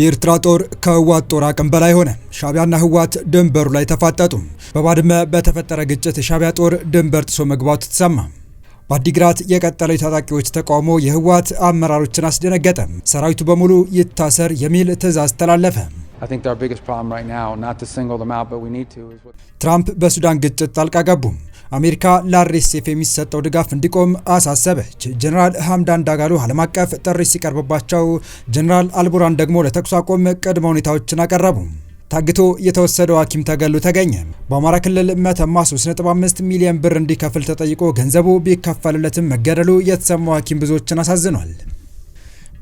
የኤርትራ ጦር ከህወሓት ጦር አቅም በላይ ሆነ። ሻቢያና ህወሓት ድንበሩ ላይ ተፋጠጡ። በባድመ በተፈጠረ ግጭት የሻቢያ ጦር ድንበር ጥሶ መግባቱ ተሰማ። በአዲግራት የቀጠለው የታጣቂዎች ተቃውሞ የህወሓት አመራሮችን አስደነገጠ። ሰራዊቱ በሙሉ ይታሰር የሚል ትዕዛዝ ተላለፈ። ትራምፕ በሱዳን ግጭት ጣልቃ ገቡ። አሜሪካ ለአርኤስኤፍ የሚሰጠው ድጋፍ እንዲቆም አሳሰበች። ጀኔራል ሀምዳን ዳጋሎ ዓለም አቀፍ ጥሪ ሲቀርብባቸው፣ ጀኔራል አልቡራን ደግሞ ለተኩስ አቆም ቅድመ ሁኔታዎችን አቀረቡ። ታግቶ የተወሰደው ሐኪም ተገሎ ተገኘ። በአማራ ክልል መተማ 3.5 ሚሊዮን ብር እንዲከፍል ተጠይቆ ገንዘቡ ቢከፈልለትም መገደሉ የተሰማው ሐኪም ብዙዎችን አሳዝኗል።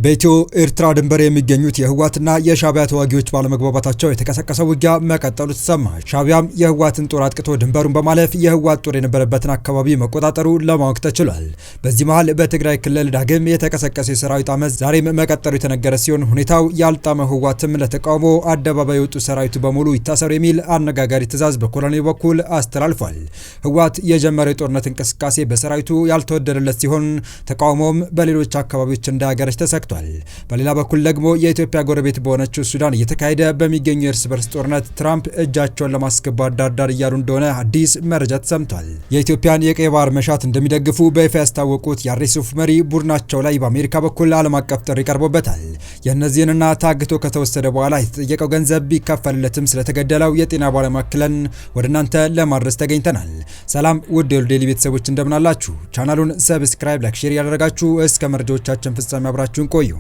በኢትዮ ኤርትራ ድንበር የሚገኙት የህወሓትና የሻቢያ ተዋጊዎች ባለመግባባታቸው የተቀሰቀሰ ውጊያ መቀጠሉ ተሰማ። ሻቢያም የህወሓትን ጦር አጥቅቶ ድንበሩን በማለፍ የህወሓት ጦር የነበረበትን አካባቢ መቆጣጠሩ ለማወቅ ተችሏል። በዚህ መሃል በትግራይ ክልል ዳግም የተቀሰቀሰ የሰራዊት አመፅ ዛሬም መቀጠሉ የተነገረ ሲሆን ሁኔታው ያልጣመው ህወሓትም ለተቃውሞ አደባባይ የወጡ ሰራዊቱ በሙሉ ይታሰሩ የሚል አነጋጋሪ ትዕዛዝ በኮሎኔል በኩል አስተላልፏል። ህወሓት የጀመረው የጦርነት እንቅስቃሴ በሰራዊቱ ያልተወደደለት ሲሆን ተቃውሞም በሌሎች አካባቢዎች እንደ ሀገሮች ተሰክ ተረጋግጧል። በሌላ በኩል ደግሞ የኢትዮጵያ ጎረቤት በሆነችው ሱዳን እየተካሄደ በሚገኘው የእርስ በርስ ጦርነት ትራምፕ እጃቸውን ለማስገባት ዳርዳር እያሉ እንደሆነ አዲስ መረጃ ተሰምቷል። የኢትዮጵያን የቀይ ባህር መሻት እንደሚደግፉ በይፋ ያስታወቁት የአሬሱፍ መሪ ቡድናቸው ላይ በአሜሪካ በኩል ዓለም አቀፍ ጥሪ ቀርቦበታል። የእነዚህንና ታግቶ ከተወሰደ በኋላ የተጠየቀው ገንዘብ ቢከፈልለትም ስለተገደለው የጤና ባለሙያ ክለን ወደ እናንተ ለማድረስ ተገኝተናል። ሰላም ውድ የሁሉ ዴይሊ ቤተሰቦች እንደምናላችሁ። ቻናሉን ሰብስክራይብ፣ ላይክ፣ ሼር እያደረጋችሁ እስከ መረጃዎቻችን ፍጻሜ አብራችሁን ቆ Coyo.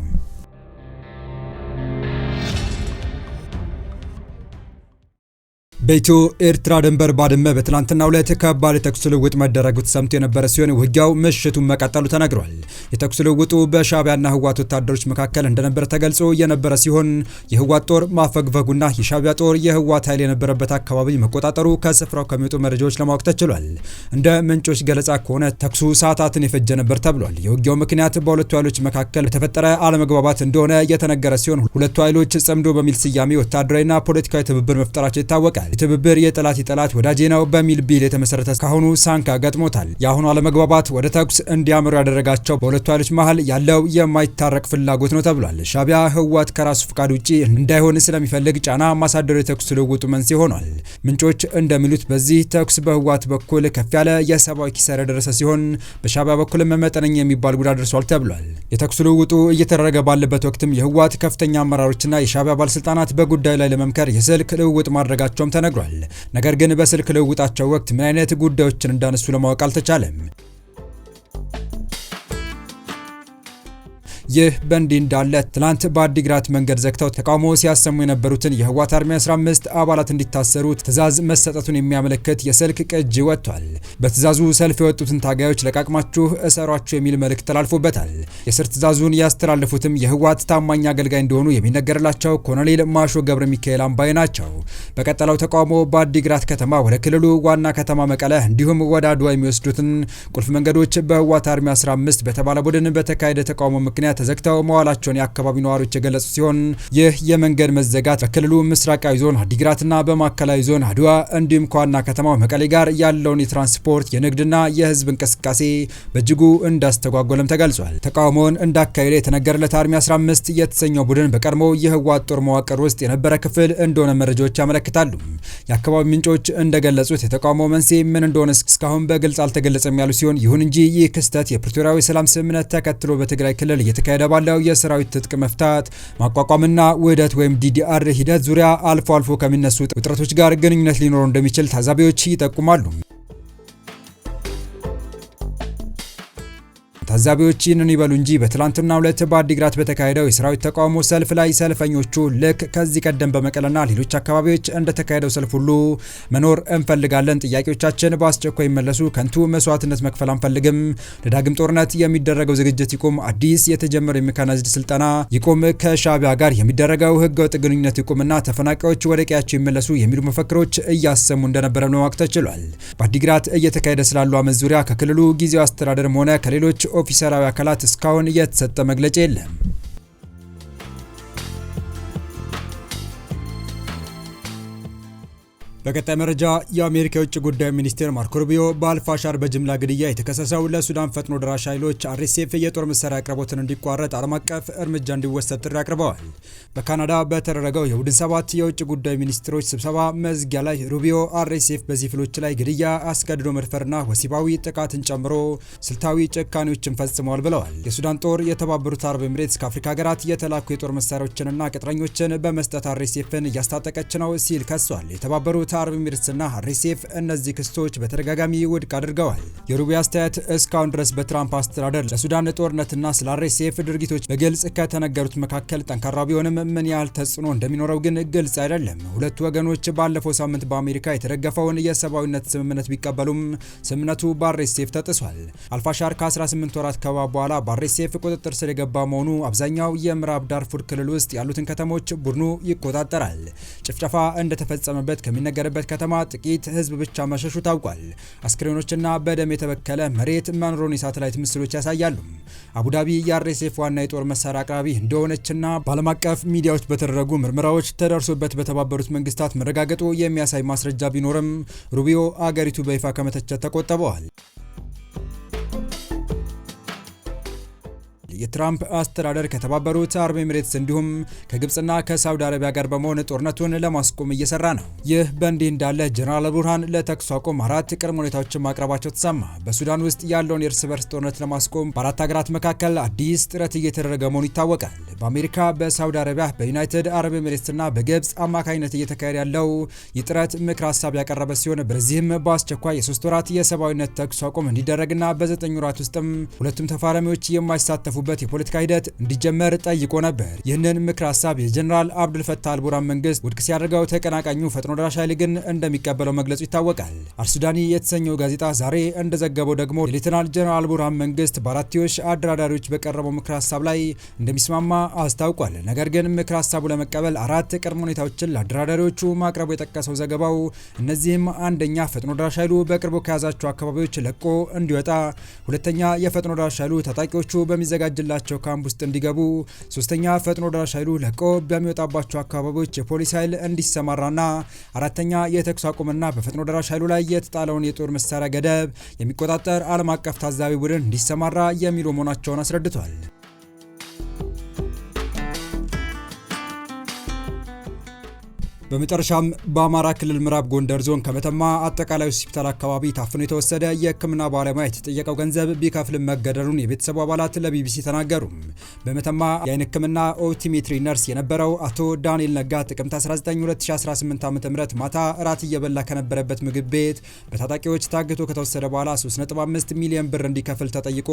በኢትዮ ኤርትራ ድንበር ባድመ በትናንትናው ዕለት ከባድ የተኩስ ልውውጥ መደረጉ ተሰምቶ የነበረ ሲሆን ውጊያው ምሽቱን መቀጠሉ ተነግሯል። የተኩስ ልውውጡ በሻዕቢያና ህዋት ወታደሮች መካከል እንደነበረ ተገልጾ የነበረ ሲሆን የህዋት ጦር ማፈግፈጉና የሻቢያ ጦር የህዋት ኃይል የነበረበት አካባቢ መቆጣጠሩ ከስፍራው ከሚወጡ መረጃዎች ለማወቅ ተችሏል። እንደ ምንጮች ገለጻ ከሆነ ተኩሱ ሰዓታትን የፈጀ ነበር ተብሏል። የውጊያው ምክንያት በሁለቱ ኃይሎች መካከል የተፈጠረ አለመግባባት እንደሆነ የተነገረ ሲሆን ሁለቱ ኃይሎች ጽምዶ በሚል ስያሜ ወታደራዊና ፖለቲካዊ ትብብር መፍጠራቸው ይታወቃል። ይገኛል። ትብብር የጠላት የጠላት ወዳጄ ነው በሚል ቢል የተመሰረተ ካሁኑ ሳንካ ገጥሞታል። የአሁኑ አለመግባባት ወደ ተኩስ እንዲያመሩ ያደረጋቸው በሁለቱ ኃይሎች መሀል ያለው የማይታረቅ ፍላጎት ነው ተብሏል። ሻቢያ ህወሓት ከራሱ ፍቃድ ውጪ እንዳይሆን ስለሚፈልግ ጫና ማሳደሩ የተኩስ ልውውጡ መንስኤ ሆኗል። ምንጮች እንደሚሉት በዚህ ተኩስ በህወሓት በኩል ከፍ ያለ የሰብአዊ ኪሳራ የደረሰ ሲሆን በሻቢያ በኩልም መጠነኛ የሚባል ጉዳት ደርሷል ተብሏል። የተኩስ ልውውጡ እየተደረገ ባለበት ወቅትም የህወሓት ከፍተኛ አመራሮችና የሻቢያ ባለስልጣናት በጉዳዩ ላይ ለመምከር የስልክ ልውውጥ ማድረጋቸውም ተነግሯል። ነገር ግን በስልክ ልውውጣቸው ወቅት ምን አይነት ጉዳዮችን እንዳነሱ ለማወቅ አልተቻለም። ይህ በእንዲህ እንዳለ ትላንት በአዲግራት መንገድ ዘግተው ተቃውሞ ሲያሰሙ የነበሩትን የህወሓት አርሚ 15 አባላት እንዲታሰሩ ትዕዛዝ መሰጠቱን የሚያመለክት የስልክ ቅጂ ወጥቷል። በትዕዛዙ ሰልፍ የወጡትን ታጋዮች ለቃቅማችሁ እሰሯችሁ የሚል መልእክት ተላልፎበታል። የስር ትዕዛዙን ያስተላለፉትም የህወሓት ታማኝ አገልጋይ እንደሆኑ የሚነገርላቸው ኮሎኔል ማሾ ገብረ ሚካኤል አምባይ ናቸው። በቀጠለው ተቃውሞ በአዲግራት ከተማ ወደ ክልሉ ዋና ከተማ መቀለ እንዲሁም ወደ አድዋ የሚወስዱትን ቁልፍ መንገዶች በህወሓት አርሚ 15 በተባለ ቡድን በተካሄደ ተቃውሞ ምክንያት ተዘግተው መዋላቸውን የአካባቢው ነዋሪዎች የገለጹ ሲሆን ይህ የመንገድ መዘጋት በክልሉ ምስራቃዊ ዞን አዲግራትና በማዕከላዊ ዞን አድዋ እንዲሁም ከዋና ከተማው መቀሌ ጋር ያለውን የትራንስፖርት የንግድና የህዝብ እንቅስቃሴ በእጅጉ እንዳስተጓጎለም ተገልጿል። ተቃውሞውን እንዳካሄደ የተነገረለት አርሚ 15 የተሰኘው ቡድን በቀድሞ የህወሓት ጦር መዋቅር ውስጥ የነበረ ክፍል እንደሆነ መረጃዎች ያመለክታሉ። የአካባቢ ምንጮች እንደገለጹት የተቃውሞ መንስኤ ምን እንደሆነ እስካሁን በግልጽ አልተገለጸም ያሉ ሲሆን ይሁን እንጂ ይህ ክስተት የፕሪቶሪያዊ ሰላም ስምምነት ተከትሎ በትግራይ ክልል እየተከ እየተካሄደ ባለው የሰራዊት ትጥቅ መፍታት ማቋቋምና ውህደት ወይም ዲዲአር ሂደት ዙሪያ አልፎ አልፎ ከሚነሱ ውጥረቶች ጋር ግንኙነት ሊኖረው እንደሚችል ታዛቢዎች ይጠቁማሉ። ታዛቢዎች ይህንን ይበሉ እንጂ በትላንትናው ዕለት በአዲግራት በተካሄደው የሰራዊት ተቃውሞ ሰልፍ ላይ ሰልፈኞቹ ልክ ከዚህ ቀደም በመቀለና ሌሎች አካባቢዎች እንደተካሄደው ሰልፍ ሁሉ መኖር እንፈልጋለን፣ ጥያቄዎቻችን በአስቸኳይ ይመለሱ፣ ከንቱ መስዋዕትነት መክፈል አንፈልግም፣ ለዳግም ጦርነት የሚደረገው ዝግጅት ይቁም፣ አዲስ የተጀመረው የሜካናይዝድ ስልጠና ይቁም፣ ከሻቢያ ጋር የሚደረገው ህገወጥ ግንኙነት ይቁምና ተፈናቃዮች ወደ ቀያቸው ይመለሱ የሚሉ መፈክሮች እያሰሙ እንደነበረ ለማወቅ ተችሏል። በአዲግራት እየተካሄደ ስላሉ አመት ዙሪያ ከክልሉ ጊዜያዊ አስተዳደርም ሆነ ከሌሎች ኦፊሰራዊ አካላት እስካሁን የተሰጠ መግለጫ የለም። በቀጣይ መረጃ የአሜሪካ የውጭ ጉዳይ ሚኒስቴር ማርኮ ሩቢዮ በአልፋሻር በጅምላ ግድያ የተከሰሰው ለሱዳን ፈጥኖ ደራሽ ኃይሎች አርኤስኤፍ የጦር መሳሪያ አቅርቦትን እንዲቋረጥ ዓለም አቀፍ እርምጃ እንዲወሰድ ጥሪ አቅርበዋል። በካናዳ በተደረገው የቡድን ሰባት የውጭ ጉዳይ ሚኒስትሮች ስብሰባ መዝጊያ ላይ ሩቢዮ አርኤስኤፍ በሲቪሎች ላይ ግድያ፣ አስገድዶ መድፈርና ወሲባዊ ጥቃትን ጨምሮ ስልታዊ ጭካኔዎችን ፈጽመዋል ብለዋል። የሱዳን ጦር የተባበሩት አረብ ኤምሬትስ ከአፍሪካ ሀገራት የተላኩ የጦር መሳሪያዎችንና ቅጥረኞችን በመስጠት አርኤስኤፍን እያስታጠቀች ነው ሲል ከሷል። የተባበሩት የሆኑት አረብ ኤሚሬትስና ሪሴፍ እነዚህ ክስቶች በተደጋጋሚ ውድቅ አድርገዋል። የሩቢ አስተያየት እስካሁን ድረስ በትራምፕ አስተዳደር ለሱዳን ጦርነትና ስለ ሪሴፍ ድርጊቶች በግልጽ ከተነገሩት መካከል ጠንካራ ቢሆንም ምን ያህል ተጽዕኖ እንደሚኖረው ግን ግልጽ አይደለም። ሁለቱ ወገኖች ባለፈው ሳምንት በአሜሪካ የተደገፈውን የሰብአዊነት ስምምነት ቢቀበሉም ስምምነቱ በአርኤስኤፍ ተጥሷል። አልፋሻር ከ18 ወራት ከባ በኋላ በአርኤስኤፍ ቁጥጥር ስር የገባ መሆኑ አብዛኛው የምዕራብ ዳርፉር ክልል ውስጥ ያሉትን ከተሞች ቡድኑ ይቆጣጠራል። ጭፍጨፋ እንደተፈጸመበት ከሚነገ ከተነገረበት ከተማ ጥቂት ሕዝብ ብቻ መሸሹ ታውቋል። አስክሬኖችና በደም የተበከለ መሬት መኖሩን የሳተላይት ምስሎች ያሳያሉ። አቡዳቢ የአርኤስኤፍ ዋና የጦር መሳሪያ አቅራቢ እንደሆነችና በዓለም አቀፍ ሚዲያዎች በተደረጉ ምርመራዎች ተደርሶበት በተባበሩት መንግስታት መረጋገጡ የሚያሳይ ማስረጃ ቢኖርም ሩቢዮ አገሪቱ በይፋ ከመተቸት ተቆጥበዋል። የትራምፕ አስተዳደር ከተባበሩት አረብ ኤምሬትስ እንዲሁም ከግብፅና ከሳውዲ አረቢያ ጋር በመሆን ጦርነቱን ለማስቆም እየሰራ ነው። ይህ በእንዲህ እንዳለ ጀነራል ቡርሃን ለተኩስ አቁም አራት ቅድመ ሁኔታዎችን ማቅረባቸው ተሰማ። በሱዳን ውስጥ ያለውን የእርስ በርስ ጦርነት ለማስቆም በአራት ሀገራት መካከል አዲስ ጥረት እየተደረገ መሆኑ ይታወቃል። በአሜሪካ፣ በሳውዲ አረቢያ፣ በዩናይትድ አረብ ኤሚሬትስና በግብፅ አማካኝነት እየተካሄደ ያለው የጥረት ጥረት ምክር ሀሳብ ያቀረበ ሲሆን በዚህም በአስቸኳይ የሶስት ወራት የሰብአዊነት ተኩስ አቁም እንዲደረግና በዘጠኝ ወራት ውስጥም ሁለቱም ተፋላሚዎች የማይሳተፉበት የሚገቡበት የፖለቲካ ሂደት እንዲጀመር ጠይቆ ነበር። ይህንን ምክር ሀሳብ የጀኔራል አብዱልፈታ አልቡራን መንግስት ውድቅ ሲያደርገው ተቀናቃኙ ፈጥኖ ደራሽ ኃይል ግን እንደሚቀበለው መግለጹ ይታወቃል። አልሱዳኒ የተሰኘው ጋዜጣ ዛሬ እንደዘገበው ደግሞ የሌተናል ጀኔራል አልቡራን መንግስት በአራትዮሽ አደራዳሪዎች በቀረበው ምክር ሀሳብ ላይ እንደሚስማማ አስታውቋል። ነገር ግን ምክር ሀሳቡ ለመቀበል አራት ቅድመ ሁኔታዎችን ለአደራዳሪዎቹ ማቅረቡ የጠቀሰው ዘገባው እነዚህም አንደኛ ፈጥኖ ደራሽ ኃይሉ በቅርቡ ከያዛቸው አካባቢዎች ለቆ እንዲወጣ፣ ሁለተኛ የፈጥኖ ደራሽ ኃይሉ ታጣቂዎቹ በሚዘጋጀ የሚዘጋጅላቸው ካምፕ ውስጥ እንዲገቡ፣ ሶስተኛ ፈጥኖ ደራሽ ኃይሉ ለቆ በሚወጣባቸው አካባቢዎች የፖሊስ ኃይል እንዲሰማራና አራተኛ የተኩስ አቁምና በፈጥኖ ደራሽ ኃይሉ ላይ የተጣለውን የጦር መሳሪያ ገደብ የሚቆጣጠር ዓለም አቀፍ ታዛቢ ቡድን እንዲሰማራ የሚሉ መሆናቸውን አስረድቷል። በመጨረሻም በአማራ ክልል ምዕራብ ጎንደር ዞን ከመተማ አጠቃላይ ሆስፒታል አካባቢ ታፍኖ የተወሰደ የሕክምና ባለሙያ የተጠየቀው ገንዘብ ቢከፍልም መገደሉን የቤተሰቡ አባላት ለቢቢሲ ተናገሩ። በመተማ የአይን ሕክምና ኦፕቲሜትሪ ነርስ የነበረው አቶ ዳንኤል ነጋ ጥቅምት 19 2018 ዓ ም ማታ እራት እየበላ ከነበረበት ምግብ ቤት በታጣቂዎች ታግቶ ከተወሰደ በኋላ 35 ሚሊዮን ብር እንዲከፍል ተጠይቆ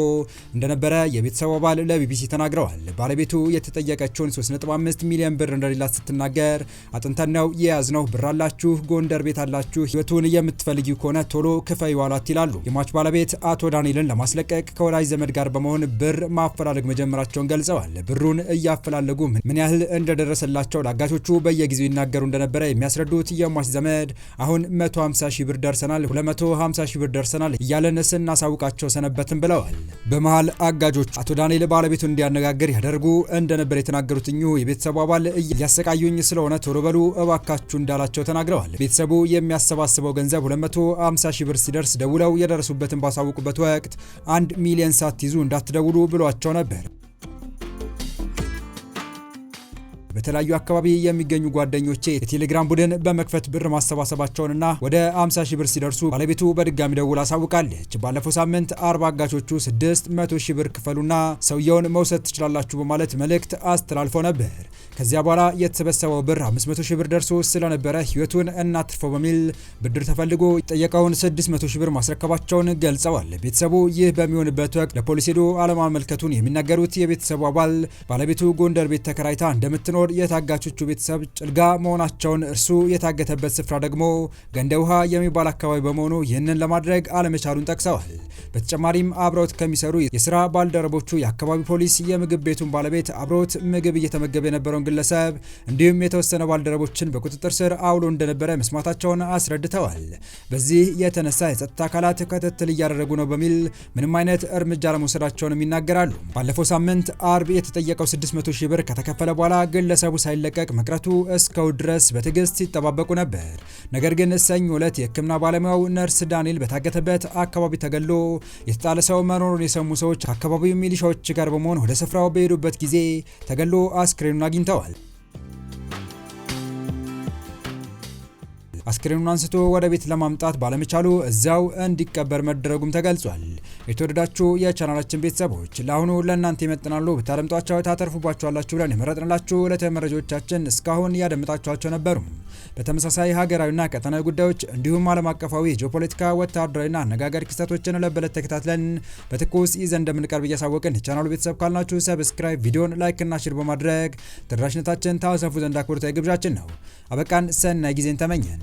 እንደነበረ የቤተሰቡ አባል ለቢቢሲ ተናግረዋል። ባለቤቱ የተጠየቀችውን 35 ሚሊዮን ብር እንደሌላት ስትናገር አጥንተን ነው ነው የያዝነው፣ ብር አላችሁ፣ ጎንደር ቤት አላችሁ፣ ህይወቱን የምትፈልጊ ከሆነ ቶሎ ክፈይ ዋላት ይላሉ። የሟች ባለቤት አቶ ዳንኤልን ለማስለቀቅ ከወዳጅ ዘመድ ጋር በመሆን ብር ማፈላለግ መጀመራቸውን ገልጸዋል። ብሩን እያፈላለጉ ምን ያህል እንደደረሰላቸው ለአጋቾቹ በየጊዜው ይናገሩ እንደነበረ የሚያስረዱት የሟች ዘመድ አሁን 150 ሺህ ብር ደርሰናል፣ 250 ሺህ ብር ደርሰናል እያለን ስናሳውቃቸው ሰነበትን ብለዋል። በመሀል አጋጆቹ አቶ ዳንኤል ባለቤቱን እንዲያነጋግር ያደርጉ እንደነበር የተናገሩት እኚሁ የቤተሰቡ አባል እያሰቃዩኝ ስለሆነ ቶሎ በሉ እባ እባካችሁ እንዳላቸው ተናግረዋል። ቤተሰቡ የሚያሰባስበው ገንዘብ 250 ሺህ ብር ሲደርስ ደውለው የደረሱበትን ባሳወቁበት ወቅት አንድ ሚሊዮን ሳትይዙ እንዳትደውሉ ብሏቸው ነበር። በተለያዩ አካባቢ የሚገኙ ጓደኞቼ የቴሌግራም ቡድን በመክፈት ብር ማሰባሰባቸውንና ወደ 50 ሺህ ብር ሲደርሱ ባለቤቱ በድጋሚ ደውል አሳውቃለች። ባለፈው ሳምንት አርባ አጋቾቹ 600 ሺህ ብር ክፈሉና ሰውየውን መውሰድ ትችላላችሁ በማለት መልእክት አስተላልፎ ነበር። ከዚያ በኋላ የተሰበሰበው ብር 500 ሺህ ብር ደርሶ ስለነበረ ህይወቱን እናትርፈው በሚል ብድር ተፈልጎ ጠየቀውን 600 ሺህ ብር ማስረከባቸውን ገልጸዋል። ቤተሰቡ ይህ በሚሆንበት ወቅት ለፖሊስ ሄዶ አለማመልከቱን የሚናገሩት የቤተሰቡ አባል ባለቤቱ ጎንደር ቤት ተከራይታ እንደምትኖር ሲሆን የታጋቾቹ ቤተሰብ ጭልጋ መሆናቸውን እርሱ የታገተበት ስፍራ ደግሞ ገንደ ውሃ የሚባል አካባቢ በመሆኑ ይህንን ለማድረግ አለመቻሉን ጠቅሰዋል። በተጨማሪም አብረውት ከሚሰሩ የስራ ባልደረቦቹ የአካባቢ ፖሊስ፣ የምግብ ቤቱን ባለቤት፣ አብረውት ምግብ እየተመገበ የነበረውን ግለሰብ እንዲሁም የተወሰነ ባልደረቦችን በቁጥጥር ስር አውሎ እንደነበረ መስማታቸውን አስረድተዋል። በዚህ የተነሳ የጸጥታ አካላት ክትትል እያደረጉ ነው በሚል ምንም አይነት እርምጃ ለመውሰዳቸውንም ይናገራሉ። ባለፈው ሳምንት አርብ የተጠየቀው 600 ሺህ ብር ከተከፈለ በኋላ ግ ግለሰቡ ሳይለቀቅ መቅረቱ እስከው ድረስ በትዕግስት ሲጠባበቁ ነበር። ነገር ግን ሰኞ ዕለት የህክምና ባለሙያው ነርስ ዳንኤል በታገተበት አካባቢ ተገሎ የተጣለ ሰው መኖሩን የሰሙ ሰዎች ከአካባቢው ሚሊሻዎች ጋር በመሆን ወደ ስፍራው በሄዱበት ጊዜ ተገሎ አስክሬኑን አግኝተዋል። አስክሬኑን አንስቶ ወደ ቤት ለማምጣት ባለመቻሉ እዚያው እንዲቀበር መደረጉም ተገልጿል። የተወደዳችሁ የቻናላችን ቤተሰቦች ለአሁኑ ለእናንተ ይመጥናሉ ብታደምጧቸው ታተርፉባቸዋላችሁ ብለን የመረጥንላችሁ ዕለታዊ መረጃዎቻችን እስካሁን ያደምጣችኋቸው ነበሩ። በተመሳሳይ ሀገራዊና ቀጠናዊ ጉዳዮች እንዲሁም ዓለም አቀፋዊ ጂኦፖለቲካ፣ ወታደራዊና አነጋገር ክስተቶችን ዕለት በዕለት ተከታትለን በትኩስ ይዘን እንደምንቀርብ እያሳወቅን የቻናሉ ቤተሰብ ካልናችሁ ሰብስክራይብ፣ ቪዲዮን ላይክና ሽር በማድረግ ተደራሽነታችን ታሰፉ ዘንድ አክብሮታዊ ግብዣችን ነው። አበቃን። ሰናይ ጊዜን ተመኘን።